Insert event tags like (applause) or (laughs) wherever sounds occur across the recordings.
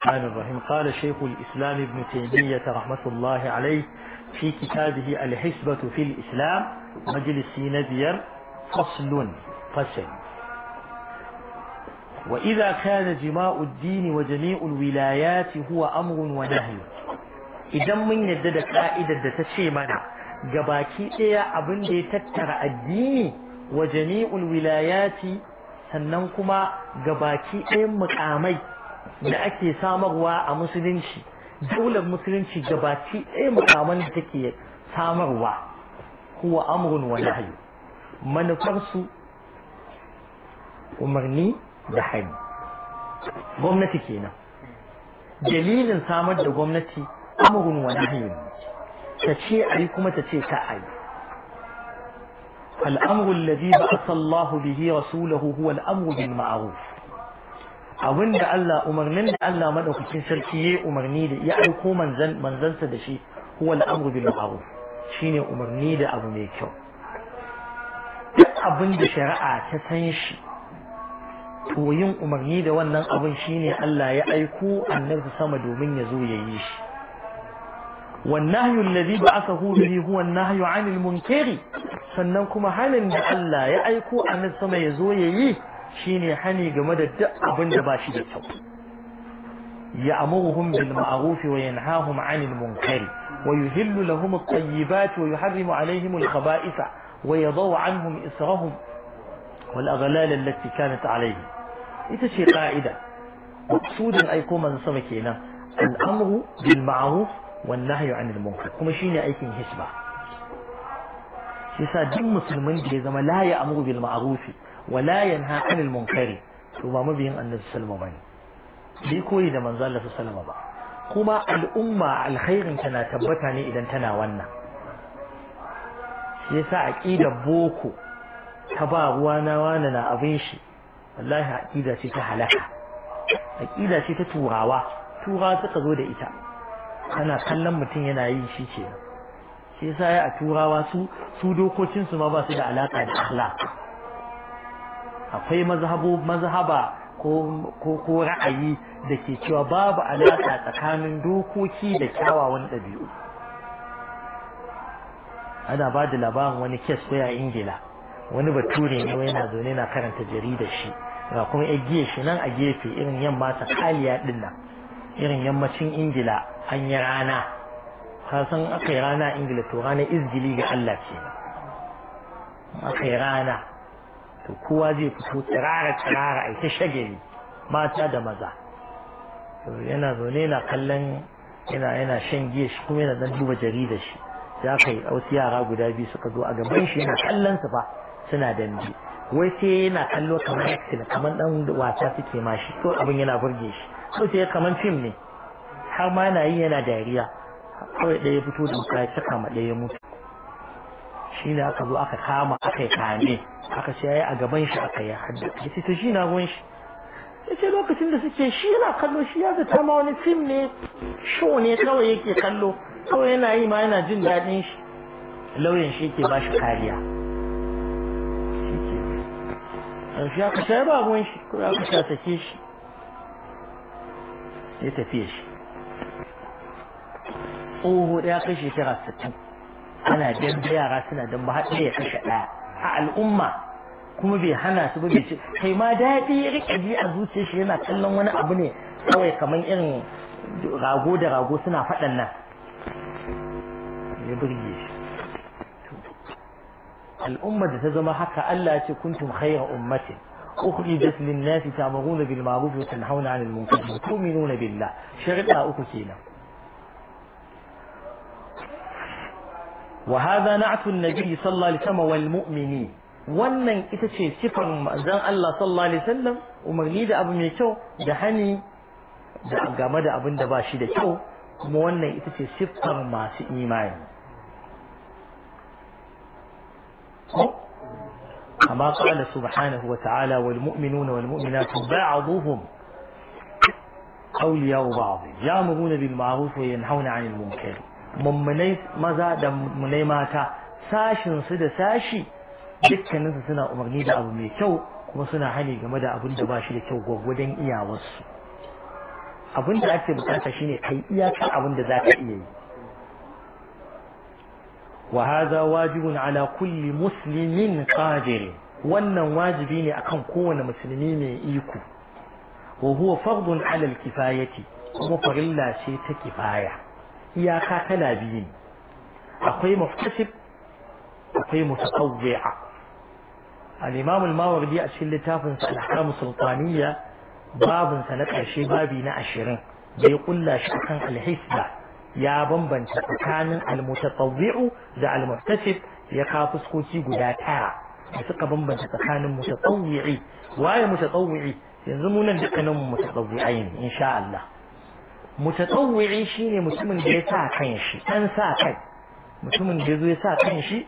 الرحمن الرحيم قال شيخ الإسلام ابن تيمية رحمة الله عليه في كتابه الحسبة في الإسلام مجلس نذير فصل فصل وإذا كان جماع الدين وجميع الولايات هو أمر ونهي إذا من يدد قائدة تشي منع إيا أبن دي تتر الدين وجميع الولايات سننكما جباكي إيا مقامي da ake samarwa a musulunci daular musulunci gabaci ɗaya makaman da take samarwa kuwa amrun wa nahyu manufarsu umarni da hani gwamnati kenan dalilin samar da gwamnati amrun wa nahyu ta ce a yi kuma ta ce ka ayi فالأمر الذي بعث الله به رسوله هو الأمر بالمعروف da Allah umarnin da Allah madaukakin sarki ya umarni da ya aiko manzan manzansa da shi huwa al bil ma'ruf shine umarni da abu mai kyau duk abin da shari'a ta san shi to yin umarni da wannan abin shine Allah ya aiko annabi sama domin ya zo ya yi shi والنهي الذي بعثه به هو النهي عن المنكر sannan kuma hanin da Allah ya aiko a nan sama ya zo ya yi shine hani game da duk abin da ba shi da kyau يأمرهم بالمعروف وينهاهم عن المنكر ويهل لهم الطيبات ويحرم عليهم الخبائث ويضع عنهم إسرهم والأغلال التي كانت عليهم إتشي قاعدة مقصودا أي كوما نصبكينا الأمر بالمعروف والنهي عن المنكر كما شيني أيكين هسبة يسا دم مسلمين جيزما لا يأمر بالمعروف wala yanha anil munkari to ba mabiyin annabi sallama bane bai koyi da manzo Allah sallama ba kuma al'umma alkhairin na tabbata ne idan tana wannan Shiyasa yasa aqidar boko ta ba ruwa na wani na abin shi wallahi aqida ce ta halaka aqida ce ta turawa turawa suka zo da ita kana kallon mutum yana yi shi kenan shi yasa ya a turawa su su ma ba su da alaƙa da akhlaq akwai mazhabu mazhaba ko ra'ayi da ke cewa babu alaƙa tsakanin dokoki da kyawawan ɗabi'u ana ba da labarin wani kes ko a ingila wani bature ne yana zaune na karanta jarida shi ga kuma giya shi nan a gefe irin yamma ta kaliya din nan irin yammacin ingila an yi rana kasan aka yi rana ingila to rana izgili ga allah ce aka rana to kowa zai fito tsirara tsirara a ta shagari mata da maza yana zaune yana kallon yana yana shan giya shi kuma yana dan duba jarida shi ya kai wasu yara guda biyu suka zo a gaban shi yana kallon su ba suna dambe wai sai yana kallo kamar action kamar dan wasa suke ma shi to abin yana burge shi ko sai kamar fim ne har ma yana yi yana dariya kawai ɗaya fito da mutane ya ma ɗaya mutu ne aka zo aka kama aka yi kame aka ce yayi a gaban shi aka yi hadda yace to shi na gwan shi ce lokacin da suke shi yana kallo shi ya zata ma wani fim ne sho ne kawai yake kallo kawai yana yi ma yana jin daɗin shi lauyan shi yake ba shi kariya shi aka sai ba gon shi ko aka sake shi ya tafiye shi ohu ɗaya kai shekara sittin ana dambe yara suna dambe har ɗaya ya kashe ɗaya a al'umma kuma bai hana su ba bai ce kai ma daɗi ya rike ji a zuciya shi yana kallon wani abu ne kawai kamar irin rago da rago suna faɗan nan ya birge shi al'umma da ta zama haka Allah ya ce kuntum khayra ummatin ukhrijat lin-nasi ta'muruna bil ma'ruf wa tanhauna 'anil munkar tu'minuna billah sharida uku kenan وهذا نعت النبي صلى الله عليه وسلم والمؤمنين wannan ita ce sifar manzon Allah sallallahu alaihi wasallam umarni da abu mai kyau da hani da game da abin da ba shi da kyau kuma wannan ita ce siffar masu imani كما قال سبحانه وتعالى والمؤمنون والمؤمنات بعضهم أولياء بعض يأمرون بالمعروف وينهون عن المنكر mummunai maza da mummunai mata sashin su da sashi dukkanin suna umarni da abu mai kyau kuma suna hani game da abin da ba shi da kyau gwagwadon iyawarsu abin da ake bukata shine kai iyakar abin da za ka iya yi wa hadha wajibun ala kulli muslimin qadir wannan wajibi ne akan kowane musulmi mai iko wa huwa fardun ala al-kifayati kuma farilla ce ta kifaya iyaka tana biyu akwai muftasib akwai mutatawwi'a al-imam al-mawardi a cikin littafin sa al-ahkam sultaniyya babin sa na karshe babi na 20 bai kulla shi kan al-hisba ya bambanta tsakanin al-mutatawwi'u da al-muftasib ya ka fuskoki guda tara da suka bambanta tsakanin mutatawwi'i waye mutatawwi'i yanzu mu nan dukkanin mu mutatawwi'ai insha Allah shi shine mutumin da ya sa kan shi dan sa kai mutumin da ya sa kan shi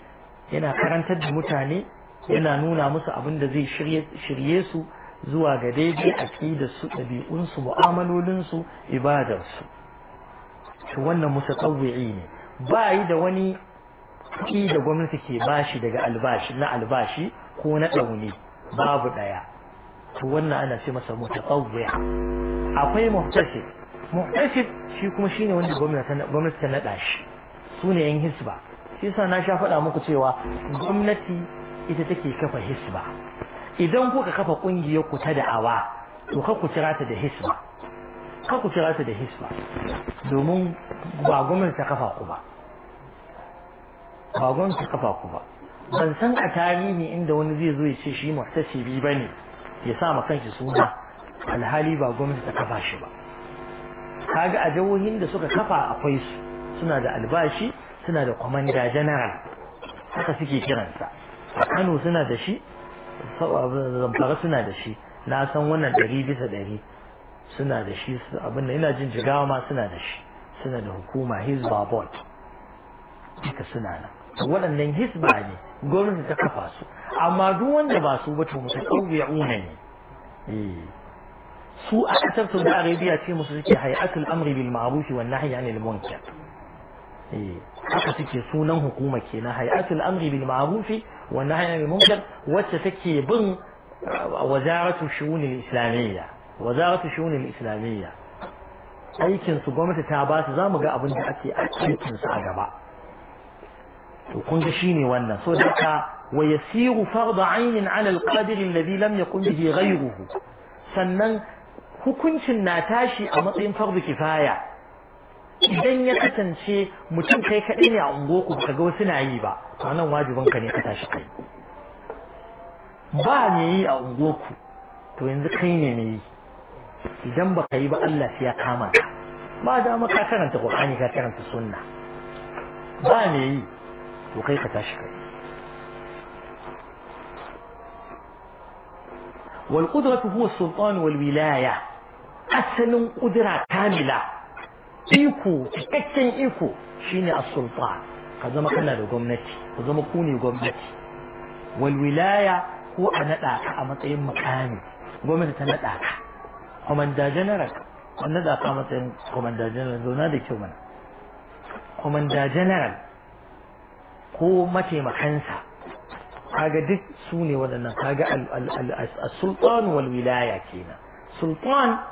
yana karantar da mutane yana nuna musu abin da zai shirye su zuwa ga daidai aqidar su ɗabi'un su mu'amalolin su ibadar su to wannan mutatawwi'i ne ba yi da wani kuɗi da gwamnati ke bashi daga albashi na albashi ko na ɗaune babu ɗaya to wannan ana ce masa mutatawwi akwai muhtasi mu'tashid shi kuma shine wanda gwamnati ta naɗa shi su ne yan hisba shi yasa na sha faɗa muku cewa gwamnati ita take kafa hisba idan kuka kafa ƙungiyar ku ta da'awa to ka ku kira ta da hisba ka ku kira ta da hisba domin ba gwamnati ta kafa ku ba ba gwamnati ta kafa ku ba ban san a tarihi inda wani zai zo ya ce shi muhtasibi bane ya sa ma kanshi suna alhali ba gwamnati ta kafa shi ba kaga a jihohin da suka kafa akwai su suna da albashi suna da kwamanda general haka suke kiransa a kano suna da shi zamfara suna da shi na san wannan ɗari bisa ɗari suna da shi abin da ina jin jigawa ma suna da shi suna da hukuma his board duka suna nan waɗannan hisba ne gwamnati ta kafa su amma duk wanda ba su ba to mutu ne eh. سوء حسبت بأغيبية في مصرك حياة الأمر بالمعروف والنهي عن المنكر أكتك إيه. سونا حكومك نهاية الأمر بالمعروف والنهي عن المنكر وتتكي بن وزارة الشؤون الإسلامية وزارة الشؤون الإسلامية aikin su gwamnati ta ba su za mu ga abin da ake aikin su a gaba to kun ga shine wannan so da ka wa hukuncin na tashi a matsayin fardu kifaya idan ya kasance mutum kai kaɗai ne a ungoku ka ga wasu na yi ba to nan wajiban ka ne ka tashi kai ba me yi a ungoku to yanzu kai ne me yi idan ba ka yi ba Allah ya kama ka ba da maka karanta Qur'ani ka karanta sunna ba me yi to kai ka tashi kai والقدرة هو السلطان والولاية asalin kudura kamila iko cikakken iko shine as ka zama kana da gwamnati ka zama ku ne gwamnati wal wilaya ko a nada ka a matsayin makami gwamnati ta nada ka commander general ka nada ka a matsayin commander general zona da kyau mana commander general ko mataimakansa kaga duk su ne waɗannan kaga al-sultan wal wilaya kenan sultan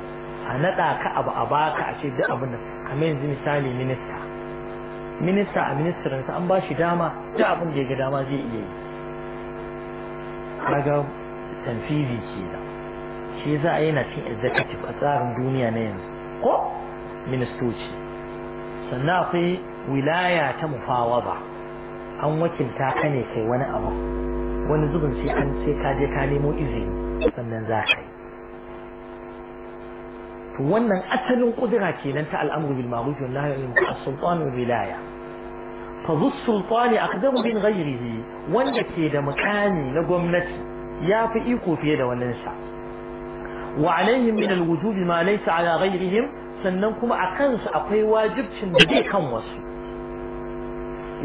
a naɗa ka abu a baka a ce duk abin nan kamar yanzu misali minista minista a ministirinsa an ba shi dama duk abin da ya ga dama zai iya yi kaga tanfizi ke da shi za a yana cin executive a tsarin duniya na yanzu ko ministoci sannan akwai wilaya ta mufawaba an wakilta ka ne kai wani abu wani zubin sai an sai ka je ka nemo izini sannan za ka yi wannan asalin kudura kenan ta al'amru bil ma'ruf wal nahyi anil munkar sultanu wilaya fa dhu sultani aqdamu min ghayrihi wanda ke da mukami na gwamnati ya fi iko fiye da wannan sa wa alaihim min al wujub ma laysa ala ghayrihim sannan kuma akan su akwai wajibcin da zai kan wasu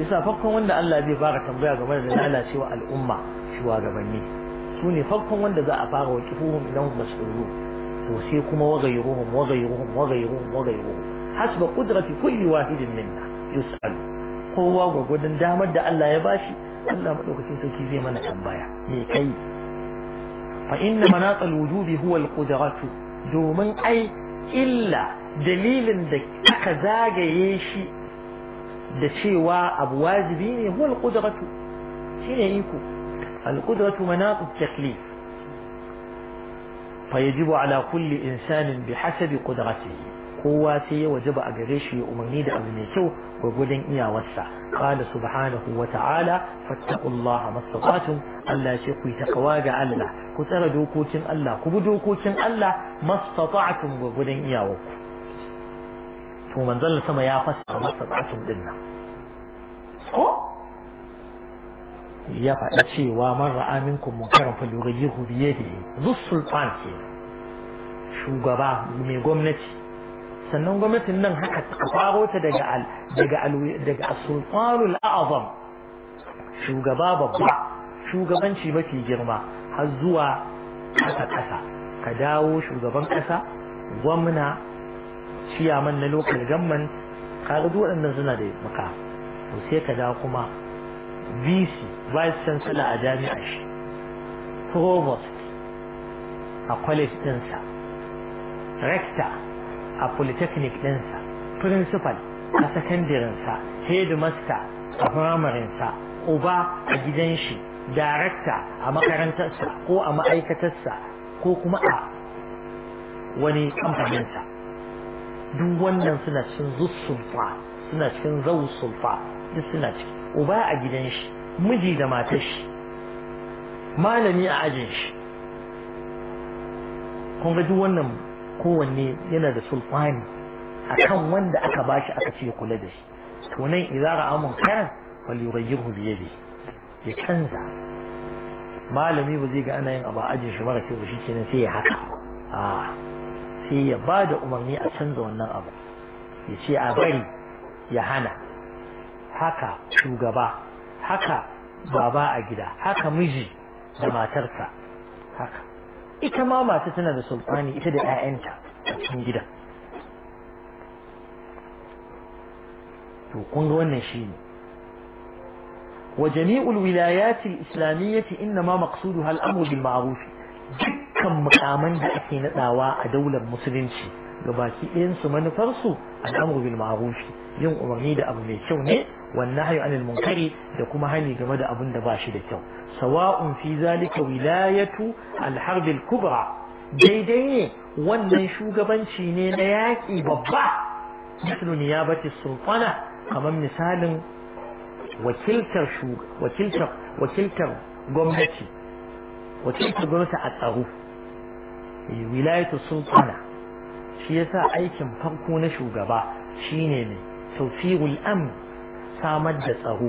yasa fakkon wanda Allah zai fara tambaya game da lalacewa al'umma shugabanni su ne farkon wanda za a fara wakifuhum idan idan mas'ulu يوصيكم وغيرهم وغيرهم وغيرهم وغيرهم حسب قدرة كل واحد منا يسأل هو وقدن دامر دا الله يباشي الله مدوكتين سوكي زي من أمبايا ميكي فإن مناط الوجود هو القدرة دومن أي إلا دليل دك aka يشي shi da cewa abu wajibi ne huwa al-qudratu fa yajibu ala kulli insanin bi hasabi qudratihi kowa sai ya wajaba a gare shi ya umarni da abu mai kyau gwagwadon iyawarsa qala subhanahu wa ta'ala fattaqullaha mastata'tum Allah ce ku yi takawa ga Allah ku tsara dokokin Allah ku bi dokokin Allah mastata'tum gwagwadon iyawarku to manzon sama ya fassara mastata'tum din nan ko ya faɗa cewa man ra'a minkum munkaran falyughayyihu bi yadihi zul sultan ke shugaba mai gwamnati sannan gwamnatin nan haka ta faro ta daga daga daga sultanul a'zam shugaba babba shugabanci mafi girma har zuwa ƙasa-ƙasa, ka dawo shugaban ƙasa, gwamna ciyaman na lokal government kaga duk waɗannan suna da maka sai ka dawo kuma vc vice chancellor a jami'a shi provost a college ɗinsa rector a polytechnic ɗinsa principal a sa. headmaster a firamarinsa uba a gidan shi director a makarantarsa ko a ma'aikatarsa ko kuma a wani kamfaninsa duk wannan suna cin zuwa suna cikin zausulfa duk suna ciki uba a gidan shi miji da matar shi malami a ajin shi kun ga duk wannan kowanne yana da sulfani akan wanda aka bashi aka ce kula da shi to nan idza ra'a munkaran wal yughayyirhu bi yadihi ya canza malami ba zai ga ana yin abu a ajin shi mara kyau shi kenan sai ya haka a sai ya ba da umarni a canza wannan abu ya ce a bari ya hana haka shugaba haka baba a gida haka miji da matarsa haka ita ma mata tana da sultani ita da 'ya'yanta a cikin gida to kun ga wannan ne wa jami'ul wilayati al-islamiyyati inma maqsuduha al-amru bil ma'ruf dukkan mukaman da ake nadawa a daular musulunci ga baki ɗayan su manufar su al'amru bil ma'ruf yin umarni da abu mai kyau ne والنهي عن المنكر da kuma hani game da abin da ba shi da kyau sawa'un fi zalika wilayatu al-harb al-kubra daidai ne wannan shugabanci ne na yaƙi babba mislu niyabati sultana kamar misalin wakiltar wakiltar wakiltar gwamnati wakiltar gwamnati a tsaro wilayatu sultana shi yasa aikin farko na shugaba shine ne tawfiqul amn samar da tsaro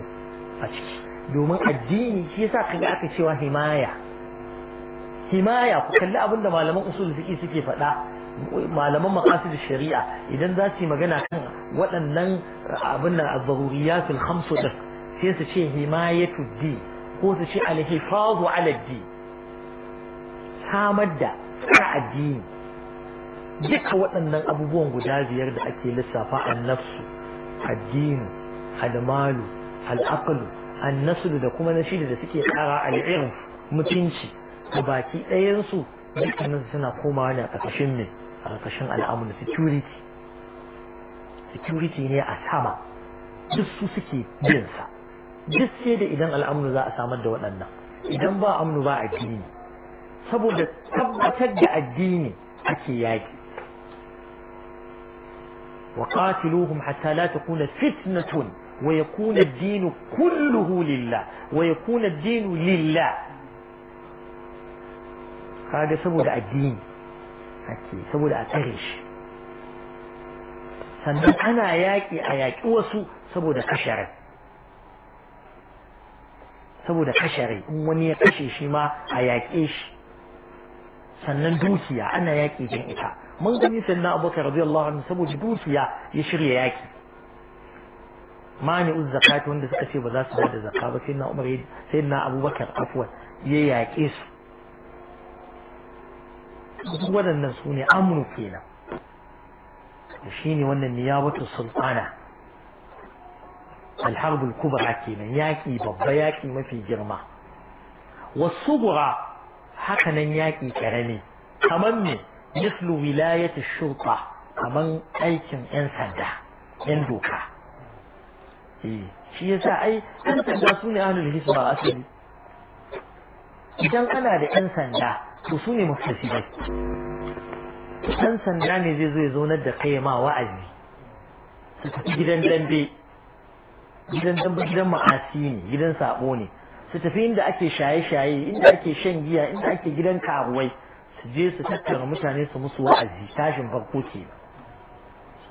a ciki domin addini shi yasa kai aka cewa himaya himaya ku kalli abin da malaman usul fiqi suke faɗa malaman maqasid shari'a idan za su yi magana kan waɗannan abin nan az-zaruriyatul khamsu da sai su ce himayatud di ko su ce al-hifazu ala di samar da tsara addini duka waɗannan abubuwan guda biyar da ake lissafa an nafsu addini almalu al'aqlu annasul da kuma na shida da suke kara al'irf mutunci da baki ɗayansu dukkanin suna komawa ne a ƙarƙashin ne a ƙarƙashin al'amur security security ne a sama duk su suke binsa duk sai da idan al'amnu za a samar da waɗannan idan ba amnu ba addini saboda tabbatar da addini ake yaki وقاتلوهم حتى لا تكون فتنة ويكون الدين كله لله ويكون الدين لله هذا سبب الدين أكيد سبب الأريش سند أنا أياك أياك وسو سبب الكشري سبب الكشري ومني كشري شما أياك إيش sannan dukiya ana yaƙi jin ita mun gani sannan abokan rabi Allah sabo saboda dukiya ya mani uz zakat wanda suka ce ba za su ba da zakka ba sai na umar sai na abubakar afwan ya yaƙe su duk waɗannan su ne amnu kenan shi ne wannan niyabatu sultana alharbul kubra kenan yaƙi babba yaƙi mafi girma wasu gura haka nan yaƙi ƙarami kamar me mislu wilayati shurta kamar aikin 'yan sanda 'yan doka Eh, shi yasa ai ɗan sanda su ne ahlul hisba asali idan ana da ɗan sanda to su ne muftasibai ɗan sanda ne zai zo ya zaunar da kai ma wa'azi su tafi gidan dambe gidan dambe gidan ma'asi ne gidan sabo ne su tafi inda ake shaye-shaye inda ake shan giya inda ake gidan karuwai su je su tattara mutane su musu wa'azi tashin farko ke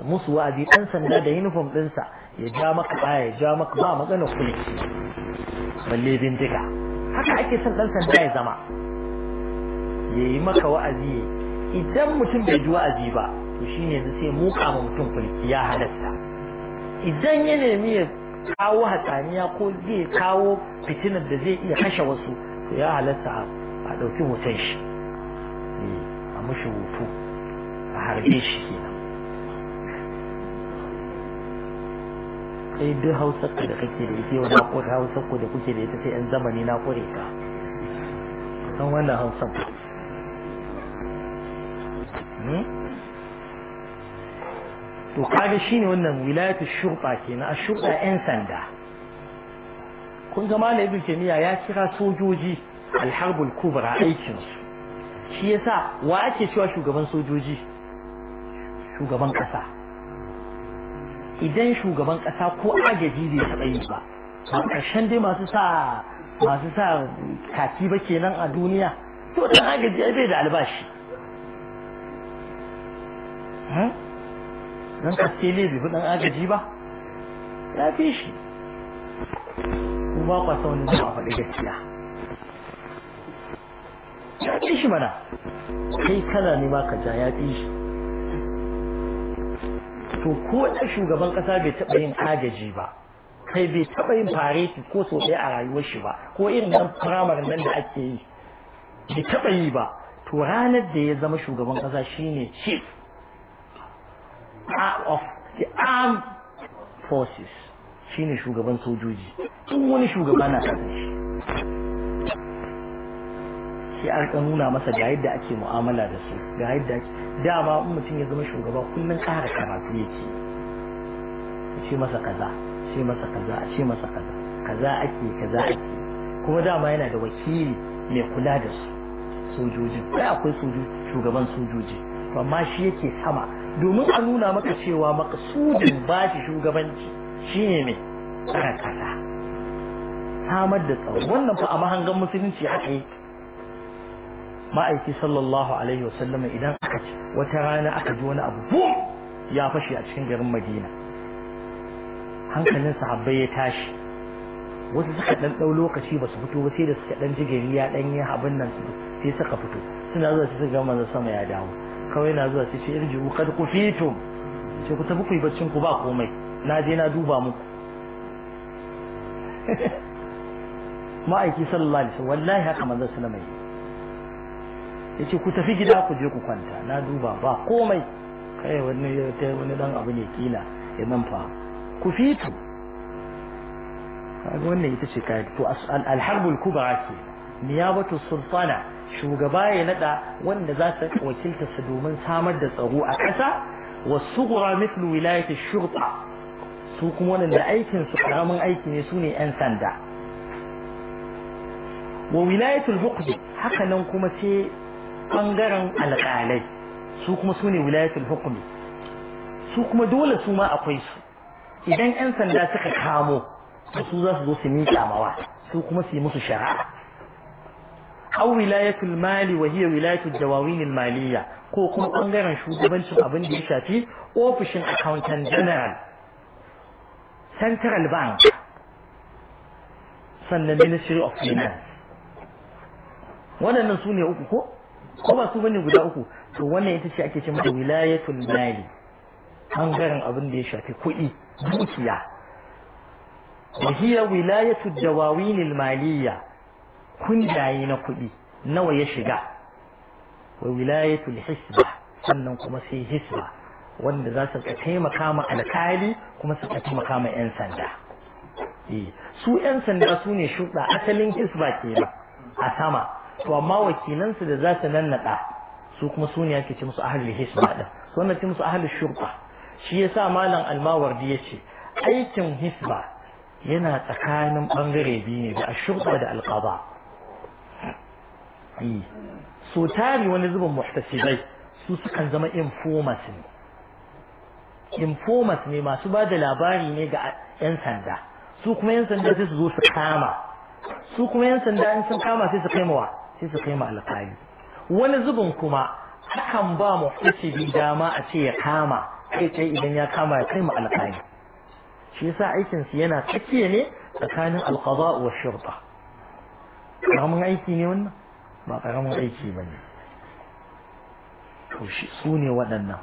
musu wa'azi ɗan sanda da yunifom ɗinsa ya ja maka baya ya ja maka ba magana kuma balle bindiga haka ake son dan sanda ya zama yayi maka wa'azi idan mutum bai ji wa'azi ba to shine yanzu sai muka ma mutum kulki ya halatta idan ya nemi ya kawo hatsaniya ko zai kawo fitinar da zai iya kashe wasu to ya halatta a ɗauki hoton shi eh, a mushi hoto a harbe shi kenan kai duk hausar da kake da ita yau na kore hausar ku da kuke da ita sai yan zamani na kore ka san wannan hausar hmm? to kaga shine wannan wilayatu shurba kenan a shurba yan sanda kun ga malam ibn kemiya ya kira sojoji alharbul kubra aikin su shi yasa wa ake cewa shugaban sojoji shugaban kasa idan shugaban kasa ko agaji bai taɓa yi ba a ƙarshen dai masu sa masu sa kaki ba kenan a duniya to dan agaji ai bai da albashi dan kaske ne bai dan agaji ba ya fi shi kuma kwa saunin da a faɗi gaskiya ya fi shi mana kai kala ne ma ka ja ya fi shi to ko da shugaban kasa bai taɓa yin agaji ba kai bai taɓa yin fareti ko so ɗaya a rayuwar shi ba ko irin nan firamare nan da ake yi bai taɓa yi ba to ranar da ya zama shugaban kasa shine chief of the armed forces shine shugaban sojoji duk wani shugaba na kasa sai a rika nuna masa ga yadda ake mu'amala da su ga yadda ake dama in mutum ya zama shugaba kullum ƙara karatu yake ce masa kaza a ce masa kaza a ce masa kaza kaza ake kaza ake kuma dama yana da wakili mai kula da su sojoji kai akwai shugaban sojoji to amma shi yake sama domin a nuna maka cewa makasudin ba shi shugabanci shine mai tsara kaza samar da tsaro wannan fa a mahangan musulunci haka yake ma'aiki sallallahu alaihi wasallam idan aka ci wata rana aka ji wani abu bum ya fashe a cikin garin madina hankalin sahabbai ya tashi wasu suka dan dau lokaci ba su fito ba sai da suka dan jigiri ya dan yi abin nan su sai suka fito suna zuwa su ga manzo sama ya dawo kawai na zuwa su ce irji'u qad kufitum ce ku tafi ku yi baccin ku ba komai na je na duba muku (laughs) ma'aiki sallallahu alaihi wasallam wallahi haka manzo sallama yi yace ku tafi gida ku je ku kwanta na duba ba komai kai wani wani dan abu ne kila ya nan fa ku fito. kaga wannan ita ce kai to al-harbul kubra ce niyabatu sultana shugaba ya nada wanda za ta wakilta su domin samar da tsaro a ƙasa wa gura mithlu wilayati shurta su kuma wanda aikin su karamin aiki ne su ne yan sanda wa wilayatul hukmi haka kuma sai bangaren alƙalai su kuma su ne wilayatul hukumi su kuma dole su ma akwai su idan 'yan sanda suka kamo to su za su zo su miƙa mawa su kuma su yi musu shari'a aw wilayatul mali wa hiya wilayatul dawawin maliya ko kuma bangaren shugabancin abin da ya shafi ofishin accountant general central bank sannan ministry of finance waɗannan su ne uku ko ko ba su bane guda uku to wannan ita ce ake ce mata wilayatul mali bangaren abin da ya shafi kuɗi dukiya wa hiya wilayatud dawawinil maliyya kunjaye na kuɗi nawa ya shiga wa wilayatul hisba sannan kuma sai hisba wanda za su taimaka ma alkali kuma su taimaka ma 'yan sanda eh, su 'yan sanda su ne shuɗa asalin hisba ke a sama to amma wakilansu da za su nannaɗa su kuma su ne ake ce musu ahalul hisba din su wannan ce musu ahalul shurba shi yasa malam almawardi yace aikin hisba yana tsakanin bangare biyu ne da ashurba da alqaba so tari wani zubin muhtasibai su sukan zama informers ne informers ne masu ba da labari ne ga 'yan sanda su kuma 'yan sanda sai su zo su kama su kuma 'yan sanda in sun kama sai su kai mawa sai su kai mu alƙali wani zubin kuma akan ba mu hasibi dama a ce ya kama kai kai idan ya kama ya kai mu alƙali shi yasa aikin su yana tsakiya ne tsakanin alqada wa shurta karamin aiki ne wannan ba karamin aiki bane to shi su ne waɗannan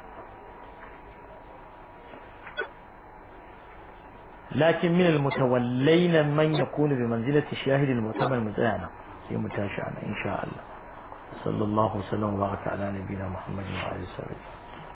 لكن من المتولين من يكون بمنزلة الشاهد من متعانا sai mu tashi ana insha Allah sallallahu alaihi wa sallam wa baraka ala nabiyina Muhammadin wa alihi wa sahbihi